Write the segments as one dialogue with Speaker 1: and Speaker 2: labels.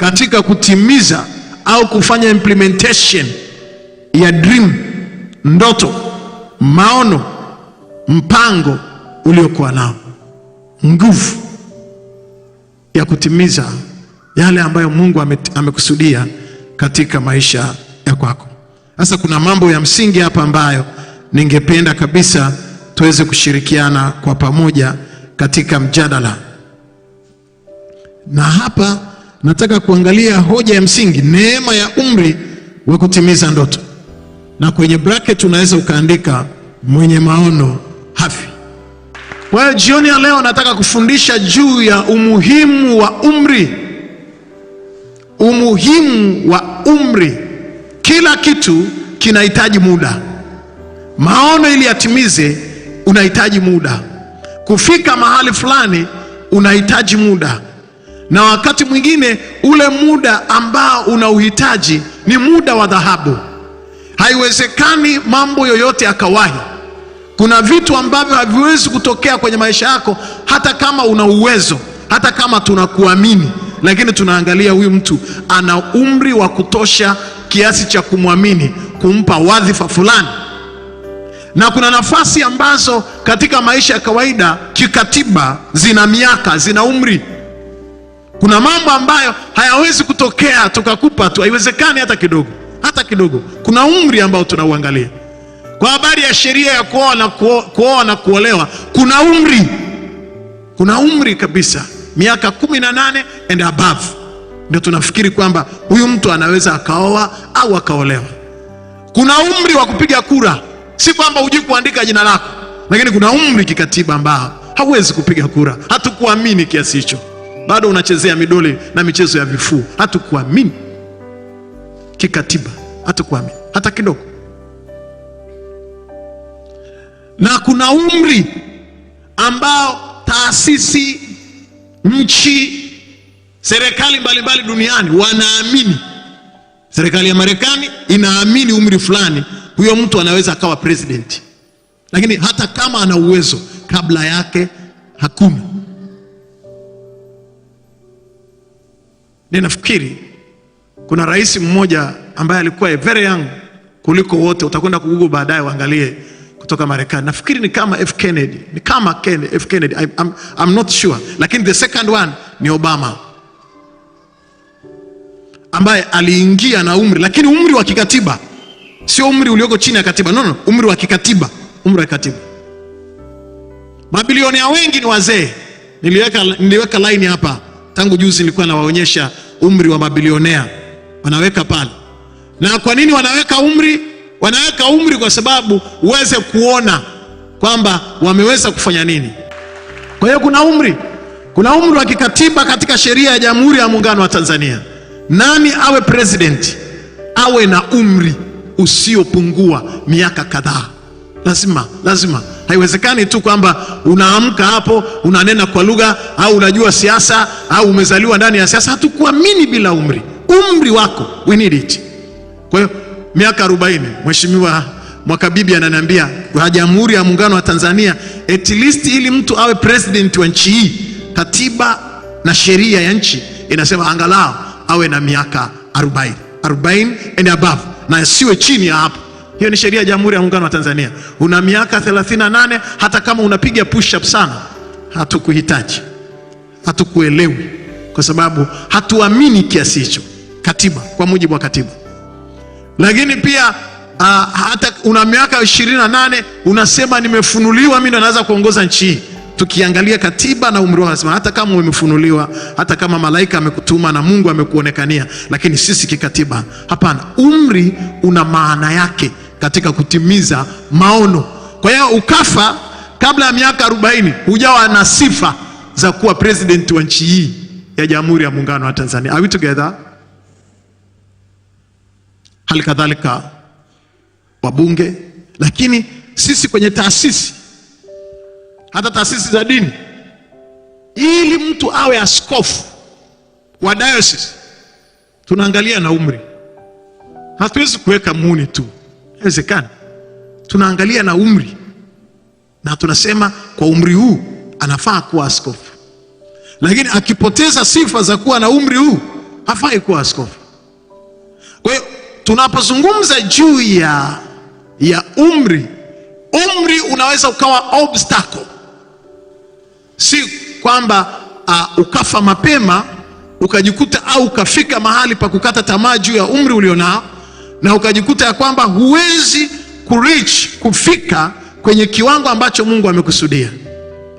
Speaker 1: katika kutimiza au kufanya implementation ya dream, ndoto, maono, mpango uliokuwa nao, nguvu ya kutimiza yale ambayo Mungu amekusudia katika maisha ya kwako. Sasa kuna mambo ya msingi hapa ambayo ningependa kabisa tuweze kushirikiana kwa pamoja katika mjadala, na hapa nataka kuangalia hoja ya msingi, neema ya umri wa kutimiza ndoto, na kwenye bracket unaweza ukaandika mwenye maono hafi. Kwa hiyo jioni ya leo nataka kufundisha juu ya umuhimu wa umri, umuhimu wa umri. Kila kitu kinahitaji muda. Maono ili yatimize, unahitaji muda. Kufika mahali fulani, unahitaji muda na wakati mwingine ule muda ambao unauhitaji ni muda wa dhahabu. Haiwezekani mambo yoyote akawahi. Kuna vitu ambavyo haviwezi kutokea kwenye maisha yako, hata kama una uwezo, hata kama tunakuamini, lakini tunaangalia huyu mtu ana umri wa kutosha kiasi cha kumwamini, kumpa wadhifa fulani. Na kuna nafasi ambazo katika maisha ya kawaida kikatiba zina miaka, zina umri kuna mambo ambayo hayawezi kutokea tukakupa tu, haiwezekani hata kidogo, hata kidogo. Kuna umri ambao tunauangalia kwa habari ya sheria ya kuoa na kuoa na kuolewa, kuna umri, kuna umri kabisa, miaka kumi na nane and above, ndio tunafikiri kwamba huyu mtu anaweza akaoa au akaolewa. Kuna umri wa kupiga kura, si kwamba hujui kuandika jina lako, lakini kuna umri kikatiba ambao hauwezi kupiga kura. Hatukuamini kiasi hicho bado unachezea midole na michezo ya vifuu. Hatukuamini kikatiba, hatukuamini hata kidogo. Na kuna umri ambao taasisi, nchi, serikali mbalimbali duniani wanaamini. Serikali ya Marekani inaamini umri fulani, huyo mtu anaweza akawa president, lakini hata kama ana uwezo kabla yake hakuna Ninafikiri kuna rais mmoja ambaye alikuwa very young kuliko wote, utakwenda kugugu baadaye uangalie, kutoka Marekani. Nafikiri ni kama F Kennedy, ni kama F Kennedy. I, I'm, I'm not sure, lakini the second one ni Obama ambaye aliingia na umri, lakini umri wa kikatiba, sio umri ulioko chini ya katiba. No, no, umri wa kikatiba, umri wa kikatiba. Mabilionea wengi ni wazee. Niliweka, niliweka line hapa Tangu juzi nilikuwa nawaonyesha umri wa mabilionea wanaweka pale. Na kwa nini wanaweka umri? Wanaweka umri kwa sababu uweze kuona kwamba wameweza kufanya nini. Kwa hiyo kuna umri, kuna umri wa kikatiba katika sheria ya Jamhuri ya Muungano wa Tanzania. Nani awe president awe na umri usiopungua miaka kadhaa, lazima lazima Haiwezekani tu kwamba unaamka hapo unanena kwa lugha au unajua siasa au umezaliwa ndani ya siasa. Hatukuamini bila umri, umri wako, we need it. Kwa hiyo miaka 40 mheshimiwa Mwakabibi ananiambia kwa Jamhuri ya Muungano wa Tanzania, at least ili mtu awe president wa nchi hii, katiba na sheria ya nchi inasema angalau awe na miaka 40 40 and above, na asiwe chini ya hapo. Hiyo ni sheria ya Jamhuri ya Muungano wa Tanzania. Una miaka 38 hata kama unapiga push up sana, hatukuhitaji, hatukuelewi, kwa sababu hatuamini kiasi hicho katiba, kwa mujibu wa katiba. Lakini pia uh, hata una miaka 28 unasema nimefunuliwa, mimi naweza kuongoza nchi hii tukiangalia katiba na umri wao, anasema hata kama umefunuliwa, hata kama malaika amekutuma na Mungu amekuonekania, lakini sisi kikatiba, hapana, umri una maana yake katika kutimiza maono. Kwa hiyo ukafa kabla ya miaka 40 hujawa na sifa za kuwa president wa nchi hii ya Jamhuri ya Muungano wa Tanzania. Are we together? Hali kadhalika wabunge, lakini sisi kwenye taasisi, hata taasisi za dini, ili mtu awe askofu wa diocese tunaangalia na umri, hatuwezi kuweka muni tu. Inawezekana tunaangalia na umri na tunasema kwa umri huu anafaa kuwa askofu, lakini akipoteza sifa za kuwa na umri huu hafai kuwa askofu. Kwa hiyo tunapozungumza juu ya, ya umri, umri unaweza ukawa obstacle, si kwamba uh, ukafa mapema ukajikuta au ukafika mahali pa kukata tamaa juu ya umri ulionao na ukajikuta ya kwamba huwezi kureach kufika kwenye kiwango ambacho Mungu amekusudia,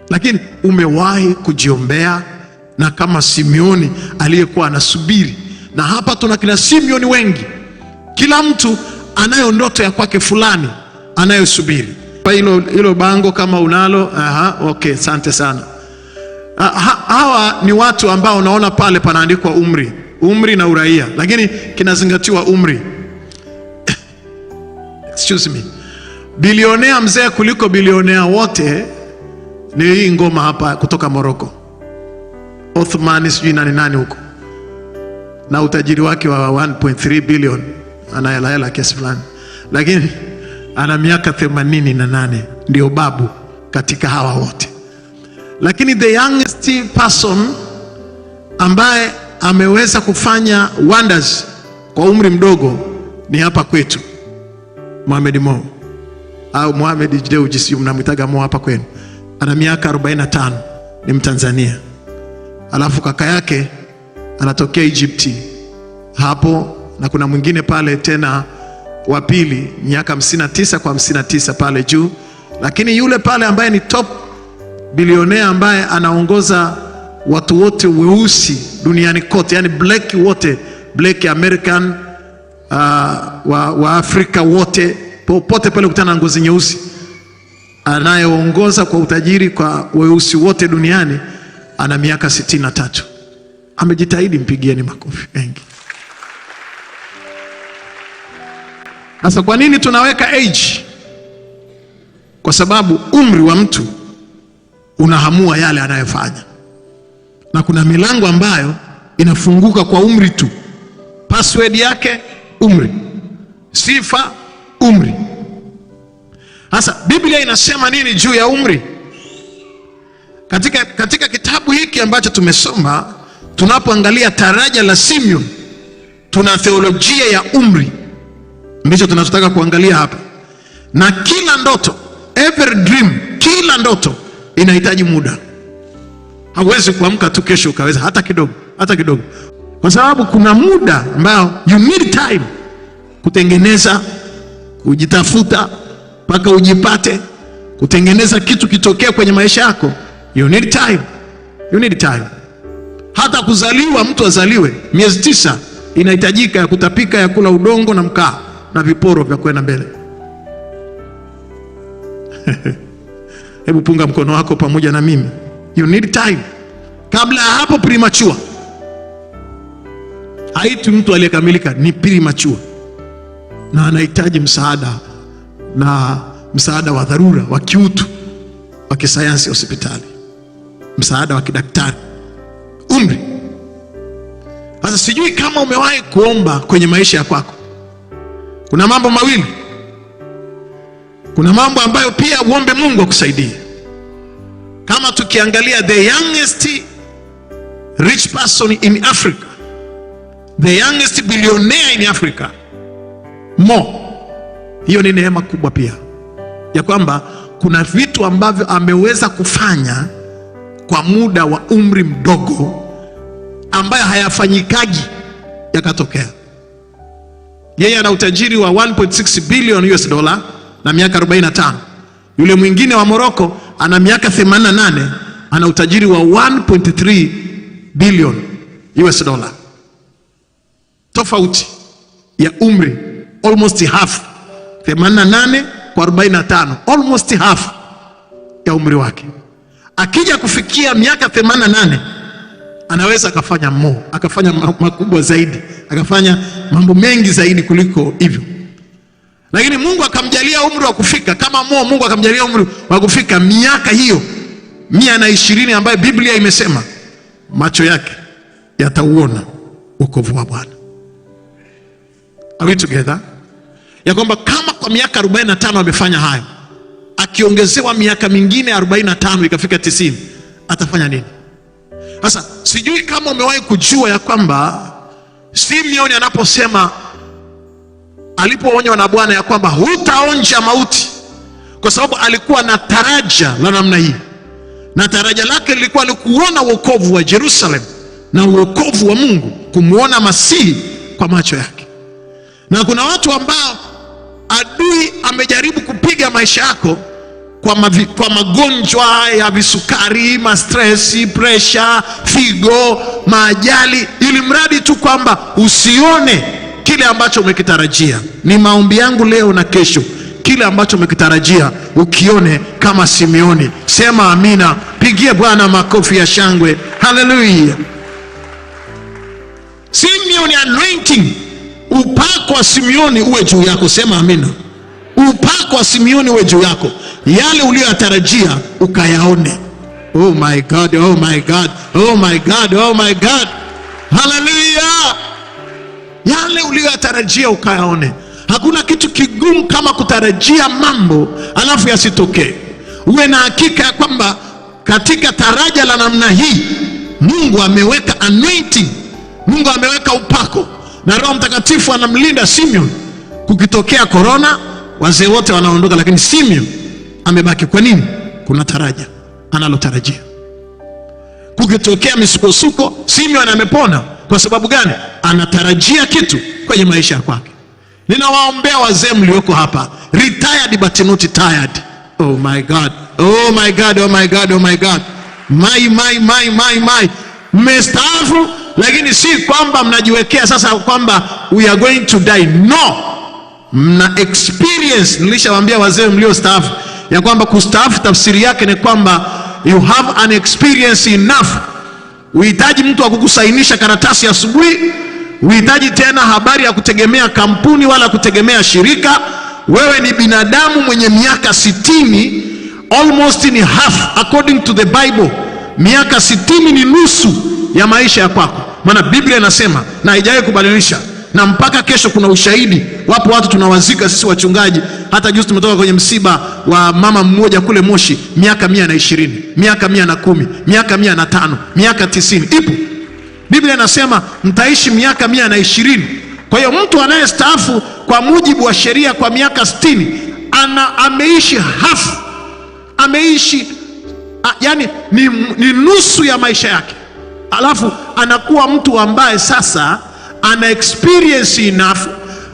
Speaker 1: lakini umewahi kujiombea, na kama Simeoni aliyekuwa anasubiri. Na hapa tuna kina Simeoni wengi, kila mtu anayo ndoto ya kwake fulani anayosubiri. Hilo hilo bango kama unalo. Aha, okay, asante sana. Ah, ha, hawa ni watu ambao unaona pale panaandikwa umri, umri na uraia, lakini kinazingatiwa umri excuse me, bilionea mzee kuliko bilionea wote ni hii ngoma hapa kutoka Moroko, Othman sijui nani nani huko, na utajiri wake wa 1.3 billion, ana hela hela kiasi fulani, lakini ana miaka 88 ndio babu katika hawa wote. Lakini the youngest person ambaye ameweza kufanya wonders kwa umri mdogo ni hapa kwetu Mohamed Mo au Mohamed Deuji, si mnamwitaga Mo hapa kwenu, ana miaka 45 ni Mtanzania, alafu kaka yake anatokea Egypti hapo, na kuna mwingine pale tena wa pili miaka 59 kwa 59 pale juu, lakini yule pale ambaye ni top bilionea ambaye anaongoza watu wote weusi duniani kote, yani black wote, black American uh, wa, wa Afrika wote popote pale kutana na ngozi nyeusi, anayeongoza kwa utajiri kwa weusi wote duniani ana miaka sitini na tatu. Amejitahidi, mpigieni makofi mengi. Sasa kwa nini tunaweka age? Kwa sababu umri wa mtu unahamua yale anayofanya, na kuna milango ambayo inafunguka kwa umri tu, password yake umri, sifa umri. Sasa Biblia inasema nini juu ya umri? Katika, katika kitabu hiki ambacho tumesoma, tunapoangalia taraja la Simeon, tuna theolojia ya umri, ndicho tunachotaka kuangalia hapa. Na kila ndoto, every dream, kila ndoto inahitaji muda. Hauwezi kuamka tu kesho ukaweza, hata kidogo, hata kidogo kwa sababu kuna muda ambao you need time kutengeneza, kujitafuta mpaka ujipate, kutengeneza kitu kitokea kwenye maisha yako. You need time, you need time. Hata kuzaliwa mtu azaliwe, miezi tisa inahitajika ya kutapika, ya kula udongo na mkaa na viporo vya kwenda mbele. Hebu punga mkono wako pamoja na mimi, you need time. Kabla ya hapo premature haiti mtu aliyekamilika, ni premature na anahitaji msaada na msaada wa dharura wa kiutu wa kisayansi ya hospitali, msaada wa kidaktari, umri. Sasa sijui kama umewahi kuomba kwenye maisha ya kwako. Kuna mambo mawili, kuna mambo ambayo pia uombe Mungu akusaidie. Kama tukiangalia the youngest rich person in Africa the youngest billionaire in Africa Mo. Hiyo ni neema kubwa pia ya kwamba kuna vitu ambavyo ameweza kufanya kwa muda wa umri mdogo, ambayo hayafanyikaji yakatokea. Yeye ana utajiri wa 1.6 billion US dollar na miaka 45. Yule mwingine wa Morocco ana miaka 88 ana utajiri wa 1.3 billion US dollar tofauti ya umri almost half 88 kwa 45, almost half ya umri wake. Akija kufikia miaka 88 anaweza akafanya mo akafanya makubwa zaidi akafanya mambo mengi zaidi kuliko hivyo, lakini Mungu akamjalia umri wa kufika kama mo. Mungu akamjalia umri wa kufika miaka hiyo mia na ishirini ambayo Biblia imesema macho yake yatauona wokovu wa Bwana. Are we together? Ya kwamba kama kwa miaka 45 amefanya hayo, akiongezewa miaka mingine 45 ikafika 90, atafanya nini? Sasa sijui kama umewahi kujua ya kwamba Simeoni anaposema alipoonywa na Bwana ya kwamba hutaonja mauti, kwa sababu alikuwa na taraja la namna hii, na taraja lake lilikuwa ni kuona wokovu wa jerusalem na wokovu wa Mungu, kumwona Masihi kwa macho yake. Na kuna watu ambao adui amejaribu kupiga maisha yako kwa, mavi, kwa magonjwa ya visukari, mastresi, presha, figo, maajali, ili mradi tu kwamba usione kile ambacho umekitarajia. Ni maombi yangu leo na kesho, kile ambacho umekitarajia ukione kama Simeoni. Sema amina, pigie Bwana makofi ya shangwe. Haleluya, Simeoni anointing upako wa Simioni uwe juu yako. Sema amina. Upako wa Simioni uwe juu yako, yale uliyoyatarajia ukayaone. Oh my God, oh my God, oh my God, oh my God. Haleluya! Yale uliyoyatarajia ukayaone. Hakuna kitu kigumu kama kutarajia mambo alafu yasitokee. Uwe na hakika ya kwamba katika taraja la namna hii Mungu ameweka anointing, Mungu ameweka upako na Roho Mtakatifu anamlinda Simeon. Kukitokea korona, wazee wote wanaondoka, lakini Simeon amebaki. Kwa nini? Kuna taraja analotarajia. Kukitokea misukosuko, Simeon amepona. Kwa sababu gani? Anatarajia kitu kwenye maisha ya kwake. Ninawaombea wazee mlioko hapa, retired but not tired. Oh my God, oh my God, oh my God, oh my God, my my my my my, mmestaafu lakini si kwamba mnajiwekea sasa kwamba we are going to die. No, mna experience. Nilishawaambia wazee mliostaafu ya kwamba kustaafu tafsiri yake ni kwamba you have an experience enough. Uhitaji mtu akukusainisha karatasi asubuhi, uhitaji tena habari ya kutegemea kampuni wala kutegemea shirika. Wewe ni binadamu mwenye miaka sitini, almost ni half according to the Bible. Miaka sitini ni nusu ya maisha ya kwako, maana Biblia inasema na haijawahi kubadilisha, na mpaka kesho kuna ushahidi. Wapo watu tunawazika sisi wachungaji, hata juzi tumetoka kwenye msiba wa mama mmoja kule Moshi, miaka mia na ishirini, miaka mia na kumi, miaka mia na tano, miaka tisini ipo. Biblia inasema mtaishi miaka mia na ishirini. Kwa hiyo mtu anayestaafu kwa mujibu wa sheria kwa miaka sitini ana ameishi hafu, ameishi a, yani ni, ni nusu ya maisha yake alafu anakuwa mtu ambaye sasa ana experience enough,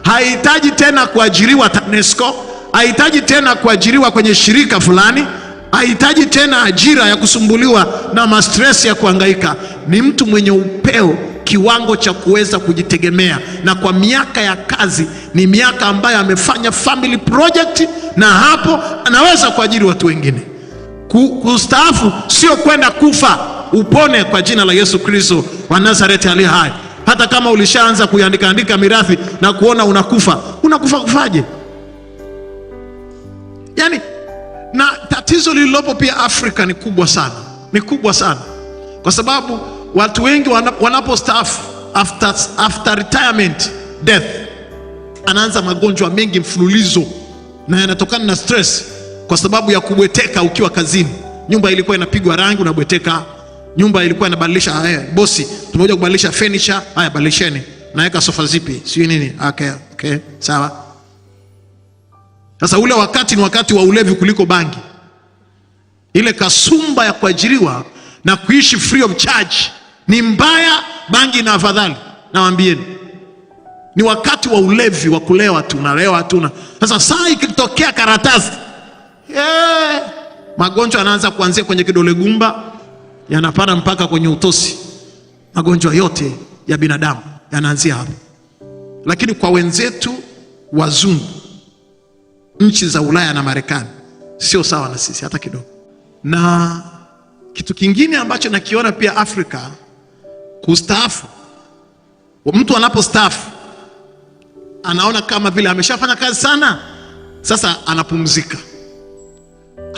Speaker 1: hahitaji tena kuajiriwa TANESCO, hahitaji tena kuajiriwa kwenye shirika fulani, hahitaji tena ajira ya kusumbuliwa na mastress ya kuhangaika. Ni mtu mwenye upeo kiwango cha kuweza kujitegemea, na kwa miaka ya kazi ni miaka ambayo amefanya family project, na hapo anaweza kuajiri watu wengine. Kustaafu sio kwenda kufa upone kwa jina la Yesu Kristo wa Nazareti aliye hai. Hata kama ulishaanza kuiandikaandika andika mirathi na kuona unakufa, unakufa kufaje? Yaani, na tatizo lililopo pia Afrika ni kubwa sana, ni kubwa sana, kwa sababu watu wengi wanapostaafu after, after retirement death, anaanza magonjwa mengi mfululizo, na yanatokana na stress kwa sababu ya kubweteka ukiwa kazini. Nyumba ilikuwa inapigwa rangi, unabweteka nyumba ilikuwa inabadilisha, haya eh, bosi, tumekuja kubadilisha furniture. Haya, badilisheni, naweka sofa zipi, sijui nini. Okay, okay, sawa. Sasa ule wakati ni wakati wa ulevi kuliko bangi. Ile kasumba ya kuajiriwa na kuishi free of charge ni mbaya, bangi na afadhali. Nawaambieni, ni wakati wa ulevi wa kulewa tu, nalewa tu. Sasa saa ikitokea karatasi, yeah, magonjwa yanaanza kuanzia kwenye kidole gumba yanapanda mpaka kwenye utosi. Magonjwa yote ya binadamu yanaanzia hapo. Lakini kwa wenzetu wazungu, nchi za Ulaya na Marekani, sio sawa na sisi hata kidogo. Na kitu kingine ambacho nakiona pia Afrika, kustaafu, mtu anapostaafu anaona kama vile ameshafanya kazi sana, sasa anapumzika,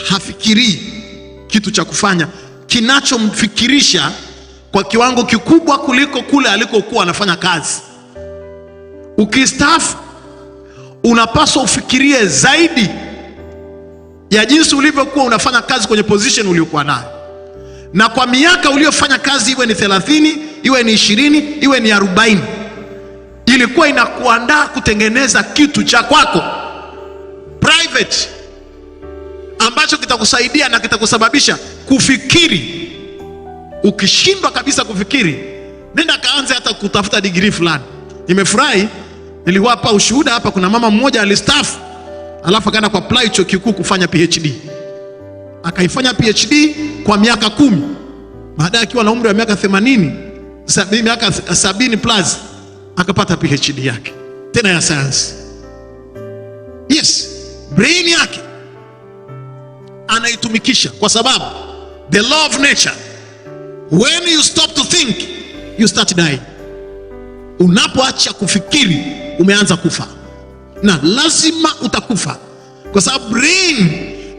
Speaker 1: hafikirii kitu cha kufanya kinachomfikirisha kwa kiwango kikubwa kuliko kule alikokuwa anafanya kazi. Ukistaafu unapaswa ufikirie zaidi ya jinsi ulivyokuwa unafanya kazi kwenye position uliokuwa nayo, na kwa miaka uliyofanya kazi, iwe ni 30 iwe ni 20 iwe ni 40, ilikuwa inakuandaa kutengeneza kitu cha kwako private ambacho kitakusaidia na kitakusababisha kufikiri. Ukishindwa kabisa kufikiri, nenda kaanze hata kutafuta digrii fulani. Nimefurahi, niliwapa ushuhuda hapa, kuna mama mmoja alistaafu, alafu akaenda kwa apply chuo kikuu kufanya PhD. Akaifanya PhD kwa miaka kumi, baadaye akiwa na umri wa miaka 80 sabini, miaka sabini plus akapata PhD yake tena ya sayansi. Yes, brain yake anaitumikisha, kwa sababu the law of nature, when you stop to think you start dying. Unapoacha kufikiri umeanza kufa, na lazima utakufa, kwa sababu brain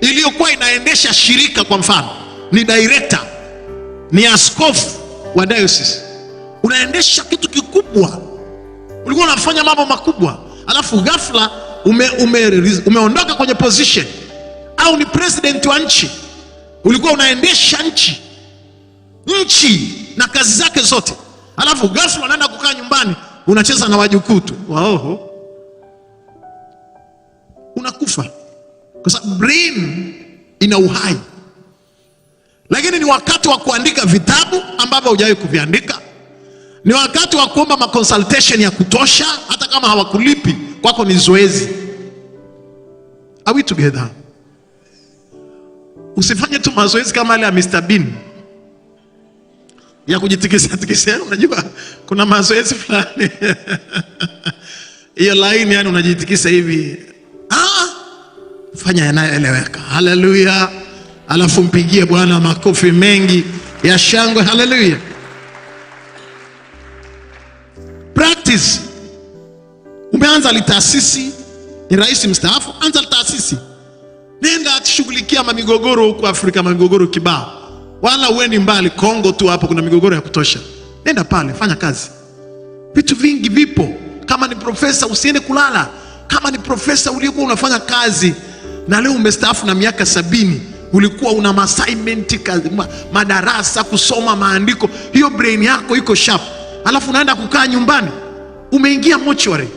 Speaker 1: iliyokuwa inaendesha shirika, kwa mfano ni director, ni askofu wa diocese, unaendesha kitu kikubwa, ulikuwa unafanya mambo makubwa, alafu ghafla ume, ume, umeondoka kwenye position Angalau ni president wa nchi, ulikuwa unaendesha nchi nchi na kazi zake zote, alafu ghafla unaenda kukaa nyumbani unacheza na wajukuu tu waoho, unakufa kwa sababu brain ina uhai. Lakini ni wakati wa kuandika vitabu ambavyo hujawahi kuviandika, ni wakati wa kuomba maconsultation ya kutosha, hata kama hawakulipi kwako, ni zoezi. Are we together? Usifanye tu mazoezi kama yale ya Mr Bean ya kujitikisa tikisa. Unajua kuna mazoezi fulani hiyo laini, yani unajitikisa hivi. Ah, fanya yanayoeleweka. Haleluya! Alafu mpigie Bwana makofi mengi ya shangwe. Haleluya! Practice. Umeanza litaasisi, ni rais mstaafu, anza litaasisi Nenda akishughulikia mamigogoro huko Afrika, mamigogoro kibao, wala uendi mbali Kongo tu, hapo kuna migogoro ya kutosha. Nenda pale, fanya kazi, vitu vingi vipo. Kama ni profesa, usiende kulala. Kama ni profesa uliokuwa unafanya kazi na leo umestaafu na miaka sabini, ulikuwa una maassignment, madarasa, kusoma maandiko, hiyo brain yako iko sharp, alafu unaenda kukaa nyumbani, umeingia mochwari,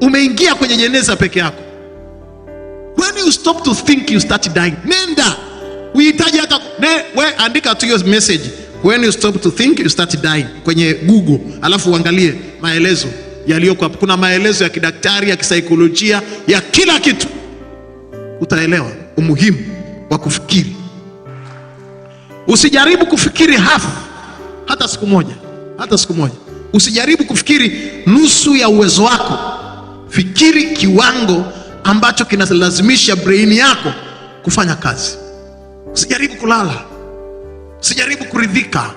Speaker 1: umeingia kwenye jeneza peke yako you stop to think you start dying. Nenda uhitaji hata we, andika tu hiyo message when you stop to think you start dying kwenye Google, alafu uangalie maelezo yaliyoko hapo. Kuna maelezo ya kidaktari, ya kisaikolojia, ya kila kitu. Utaelewa umuhimu wa kufikiri. Usijaribu kufikiri hafu hata siku moja, hata siku moja. Usijaribu kufikiri nusu ya uwezo wako, fikiri kiwango ambacho kinalazimisha breini yako kufanya kazi. Usijaribu kulala, usijaribu kuridhika.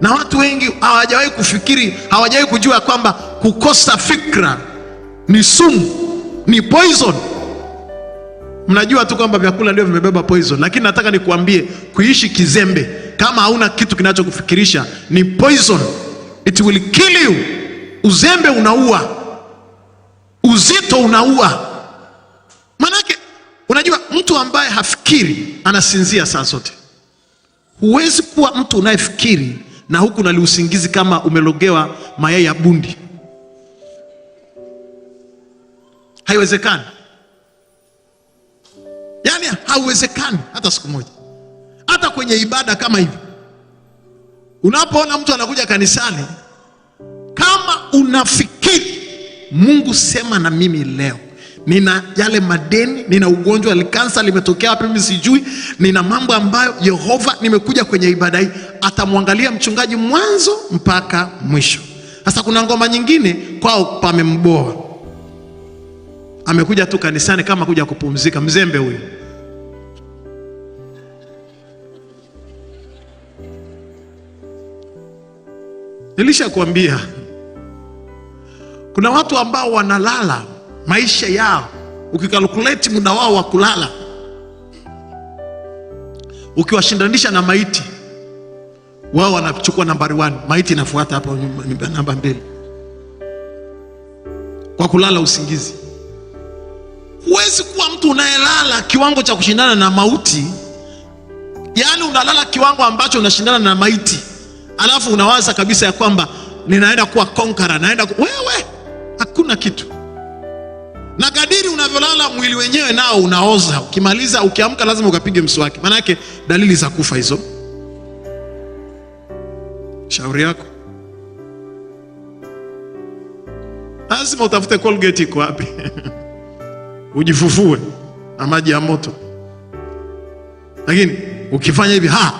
Speaker 1: Na watu wengi hawajawahi kufikiri, hawajawahi kujua kwamba kukosa fikra ni sumu, ni poison. Mnajua tu kwamba vyakula ndio vimebeba poison, lakini nataka nikuambie, kuishi kizembe kama hauna kitu kinachokufikirisha ni poison, it will kill you. Uzembe unaua, uzito unaua Manake unajua mtu ambaye hafikiri anasinzia saa zote. Huwezi kuwa mtu unayefikiri na huku naliusingizi usingizi kama umelogewa mayai ya bundi, haiwezekani. Yaani hauwezekani hata siku moja, hata kwenye ibada kama hivi. Unapoona mtu anakuja kanisani, kama unafikiri Mungu, sema na mimi leo nina yale madeni, nina ugonjwa likansa limetokea wapi mimi sijui, nina mambo ambayo Yehova, nimekuja kwenye ibada hii, atamwangalia mchungaji mwanzo mpaka mwisho. Sasa kuna ngoma nyingine kwao pamemboa, amekuja tu kanisani kama kuja kupumzika, mzembe huyu. Nilishakwambia kuna watu ambao wanalala maisha yao, ukikalkuleti muda wao wa kulala, ukiwashindanisha na maiti, wao wanachukua nambari 1, maiti inafuata hapo namba mbili kwa kulala usingizi. Huwezi kuwa mtu unayelala kiwango cha kushindana na mauti, yaani unalala kiwango ambacho unashindana na maiti, alafu unawaza kabisa ya kwamba ninaenda kuwa konkara, naenda ku... wewe, hakuna kitu na kadiri unavyolala mwili wenyewe nao unaoza. Ukimaliza ukiamka, lazima ukapige mswaki, maana yake dalili za kufa hizo. Shauri yako, lazima utafute Colgate iko wapi ujifufue na maji ya moto. Lakini ukifanya hivi, ha,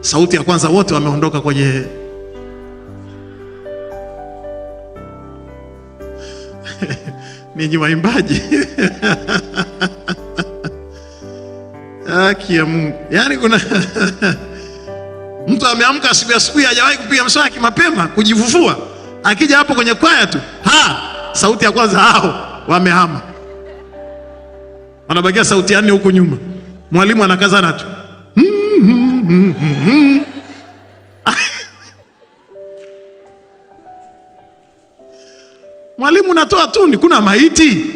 Speaker 1: sauti ya kwanza, wote wameondoka kwenye ninyi waimbaji haki ya Mungu. Yaani kuna mtu ameamka ya siku hajawahi kupiga mswaki mapema, kujivuvua, akija hapo kwenye kwaya tu, ha, sauti ya kwanza hao wamehama, wanabakia sauti ya nne huko nyuma, mwalimu anakazana tu mm-hmm, mm-hmm, mm-hmm. Mwalimu, tu tuni, kuna maiti.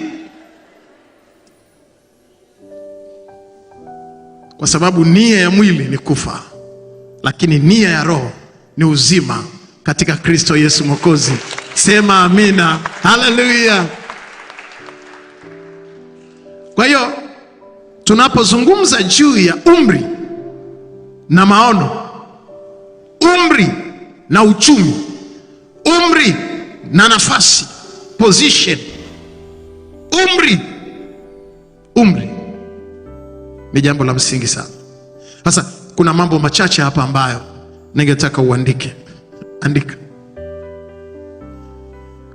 Speaker 1: Kwa sababu nia ya mwili ni kufa, lakini nia ya roho ni uzima katika Kristo Yesu Mwokozi. Sema amina, haleluya. Kwa hiyo tunapozungumza juu ya umri na maono, umri na uchumi, umri na nafasi position, umri. Umri ni jambo la msingi sana. Sasa kuna mambo machache hapa ambayo ningetaka uandike. Andika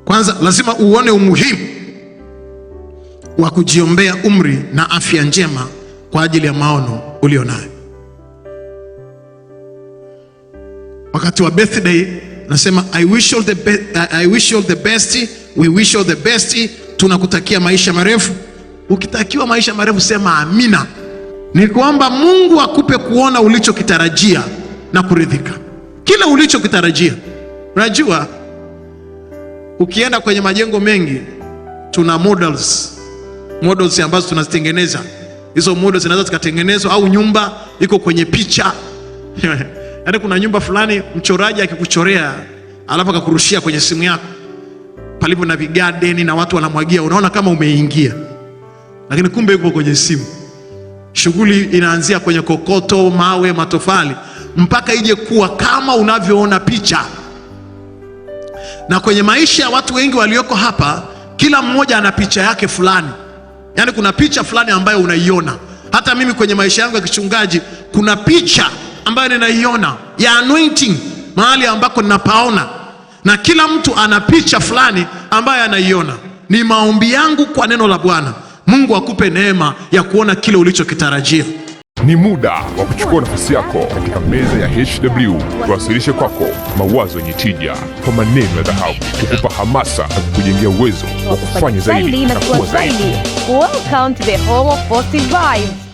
Speaker 1: kwanza, lazima uone umuhimu wa kujiombea umri na afya njema kwa ajili ya maono ulionayo. Wakati wa birthday nasema I wish all the best, I wish all the best we wish you the best, tunakutakia maisha marefu. Ukitakiwa maisha marefu sema amina. Ni kwamba Mungu akupe kuona ulichokitarajia na kuridhika kila ulichokitarajia. Unajua, ukienda kwenye majengo mengi tuna models, models ambazo tunazitengeneza. Hizo models zinaweza zikatengenezwa au nyumba iko kwenye picha yaani kuna nyumba fulani mchoraji akikuchorea alafu akakurushia kwenye simu yako palivyo na vigadeni na watu wanamwagia, unaona kama umeingia, lakini kumbe yuko kwenye simu. Shughuli inaanzia kwenye kokoto, mawe, matofali mpaka ije kuwa kama unavyoona picha. Na kwenye maisha ya watu wengi walioko hapa, kila mmoja ana picha yake fulani, yaani kuna picha fulani ambayo unaiona. Hata mimi kwenye maisha yangu ya kichungaji kuna picha ambayo ninaiona ya anointing mahali ambako ninapaona na kila mtu ana picha fulani ambaye anaiona. Ni maombi yangu kwa neno la Bwana, Mungu akupe neema ya kuona kile ulichokitarajia. Ni muda wa kuchukua nafasi yako katika meza ya HW, tuwasilishe kwako mawazo yenye tija kwa maneno ya dhahabu, kukupa hamasa na kukujengea uwezo wa kufanya zaidi na kuwa zaidi. Welcome to the home of positive vibes.